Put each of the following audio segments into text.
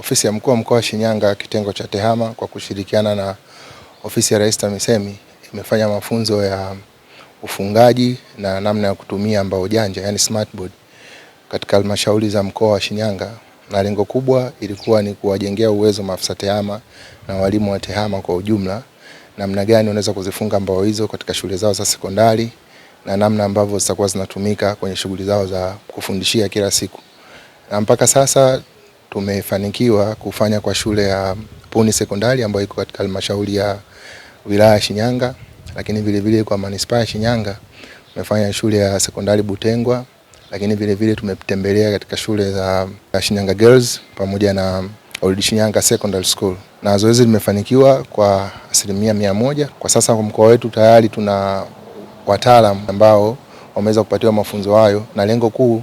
Ofisi ya mkuu wa mkoa wa Shinyanga kitengo cha TEHAMA kwa kushirikiana na ofisi ya Rais TAMISEMI imefanya mafunzo ya ufungaji na namna ya kutumia mbao janja yani board katika halmashauri za mkoa wa Shinyanga, na lengo kubwa ilikuwa ni kuwajengea uwezo maafisa TEHAMA na walimu wa TEHAMA kwa ujumla, namna gani wanaweza kuzifunga mbao hizo katika shule zao za sekondari na namna ambavyo zitakuwa zinatumika kwenye shughuli zao za kufundishia kila siku na mpaka sasa tumefanikiwa kufanya kwa shule ya Puni Sekondari ambayo iko katika halmashauri ya wilaya ya Shinyanga, lakini vilevile kwa manispaa ya Shinyanga tumefanya shule ya sekondari Butengwa, lakini vilevile tumetembelea katika shule za Shinyanga Girls pamoja na Old Shinyanga Secondary School na zoezi limefanikiwa kwa asilimia mia moja. Kwa sasa kwa mkoa wetu tayari tuna wataalamu ambao wameweza kupatiwa mafunzo hayo, na lengo kuu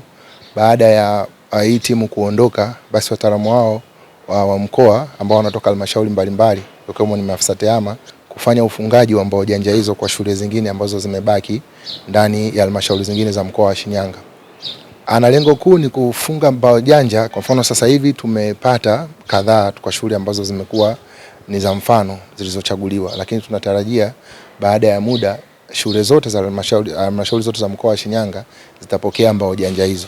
baada ya uh, hii timu kuondoka, basi wataalamu wao wa, wa mkoa ambao wanatoka halmashauri mbalimbali ikiwemo ni maafisa tehama kufanya ufungaji wa mbao janja hizo kwa shule zingine ambazo zimebaki ndani ya halmashauri zingine za mkoa wa Shinyanga. Ana lengo kuu ni kufunga mbao janja. Kwa mfano sasa hivi tumepata kadhaa kwa shule ambazo zimekuwa ni za mfano zilizochaguliwa, lakini tunatarajia baada ya muda shule zote za halmashauri zote za mkoa wa Shinyanga zitapokea mbao janja hizo.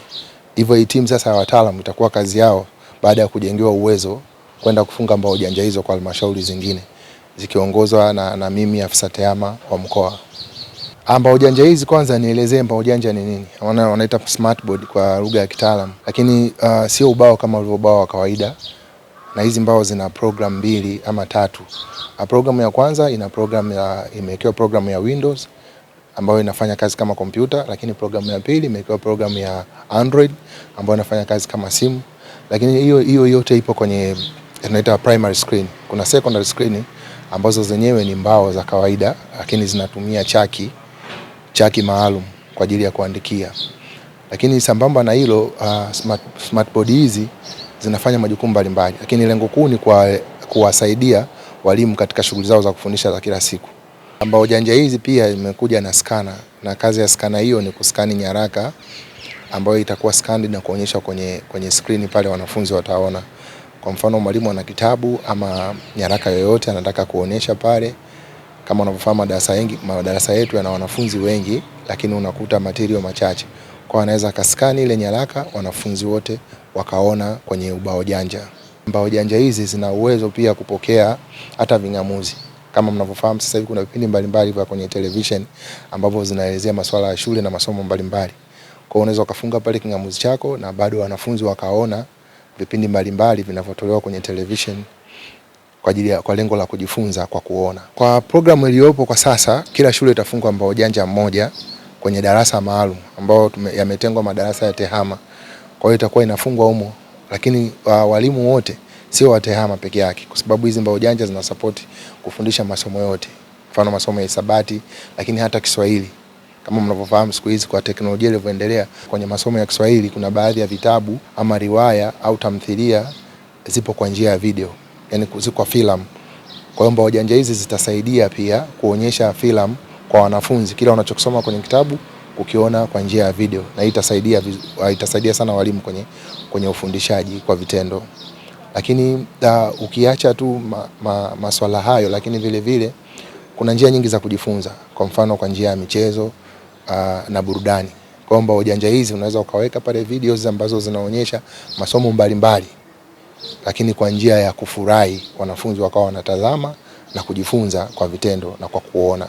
Hivyo hii timu sasa ya wataalamu itakuwa kazi yao baada ya kujengewa uwezo kwenda kufunga mbao janja hizo kwa halmashauri zingine zikiongozwa na, na mimi afisa tehama wa mkoa. Ah, mbao janja hizi kwanza nielezee mbao janja ni nini? Wana, wanaita board kwa lugha ya kitaalamu, lakini uh, sio ubao kama ulivyo ubao wa kawaida, na hizi mbao zina program mbili ama tatu. A, ah, programu ya kwanza ina program ya imewekewa program ya Windows ambayo inafanya kazi kama kompyuta, lakini programu ya pili imekuwa programu ya Android ambayo inafanya kazi kama simu, lakini hiyo hiyo yote ipo kwenye tunaita primary screen. Kuna secondary screen ambazo zenyewe ni mbao za kawaida, lakini zinatumia chaki chaki maalum kwa ajili ya kuandikia. Lakini sambamba na hilo uh, smart, smart board hizi zinafanya majukumu mbalimbali, lakini lengo kuu ni kwa kuwasaidia walimu katika shughuli zao za kufundisha za kila siku ambao janja hizi pia imekuja na skana, na kazi ya skana hiyo ni kuskani nyaraka ambayo itakuwa scanned na kuonyesha kwenye, kwenye screen pale wanafunzi wataona. Kwa mfano mwalimu ana kitabu ama nyaraka yoyote anataka kuonyesha pale. Kama unavyofahamu madarasa wengi, madarasa yetu yana wanafunzi wengi, lakini unakuta material machache. Kwa anaweza kaskani ile nyaraka, wanafunzi wote wakaona kwenye ubao janja. Mbao janja hizi zina uwezo pia kupokea hata ving'amuzi. Kama mnavyofahamu sasa hivi kuna vipindi mbalimbali vya kwenye television ambavyo zinaelezea masuala ya shule na masomo mbalimbali. Kwa hiyo unaweza ukafunga pale kingamuzi chako na bado wanafunzi wakaona vipindi mbalimbali vinavyotolewa kwenye television kwa ajili ya kwa lengo la kujifunza kwa kuona. Kwa programu iliyopo kwa sasa, kila shule itafungwa mbao janja mmoja kwenye darasa maalum ambao yametengwa madarasa ya tehama. Kwa hiyo itakuwa inafungwa humo, lakini walimu wote sio wa TEHAMA peke yake, kwa sababu hizi mbao janja zina support kufundisha masomo yote, mfano masomo ya hisabati, lakini hata Kiswahili kama mnavyofahamu siku hizi kwa teknolojia ilivyoendelea kwenye masomo ya Kiswahili, kuna baadhi ya vitabu ama riwaya au tamthilia zipo kwa njia ya video, yani ziko kwa filamu. Kwa hiyo mbao janja hizi zitasaidia pia kuonyesha filamu kwa wanafunzi, kila wanachokisoma kwenye kitabu kukiona kwa njia ya video, na itasaidia, itasaidia sana walimu kwenye, kwenye ufundishaji kwa vitendo. Lakini uh, ukiacha tu ma, ma, maswala hayo, lakini vile vile kuna njia nyingi za kujifunza, kwa mfano kwa njia ya michezo uh, na burudani, kwamba ujanja hizi unaweza ukaweka pale videos ambazo zinaonyesha masomo mbalimbali mbali, lakini kwa njia ya kufurahi, wanafunzi wakawa wanatazama na kujifunza kwa vitendo na kwa kuona.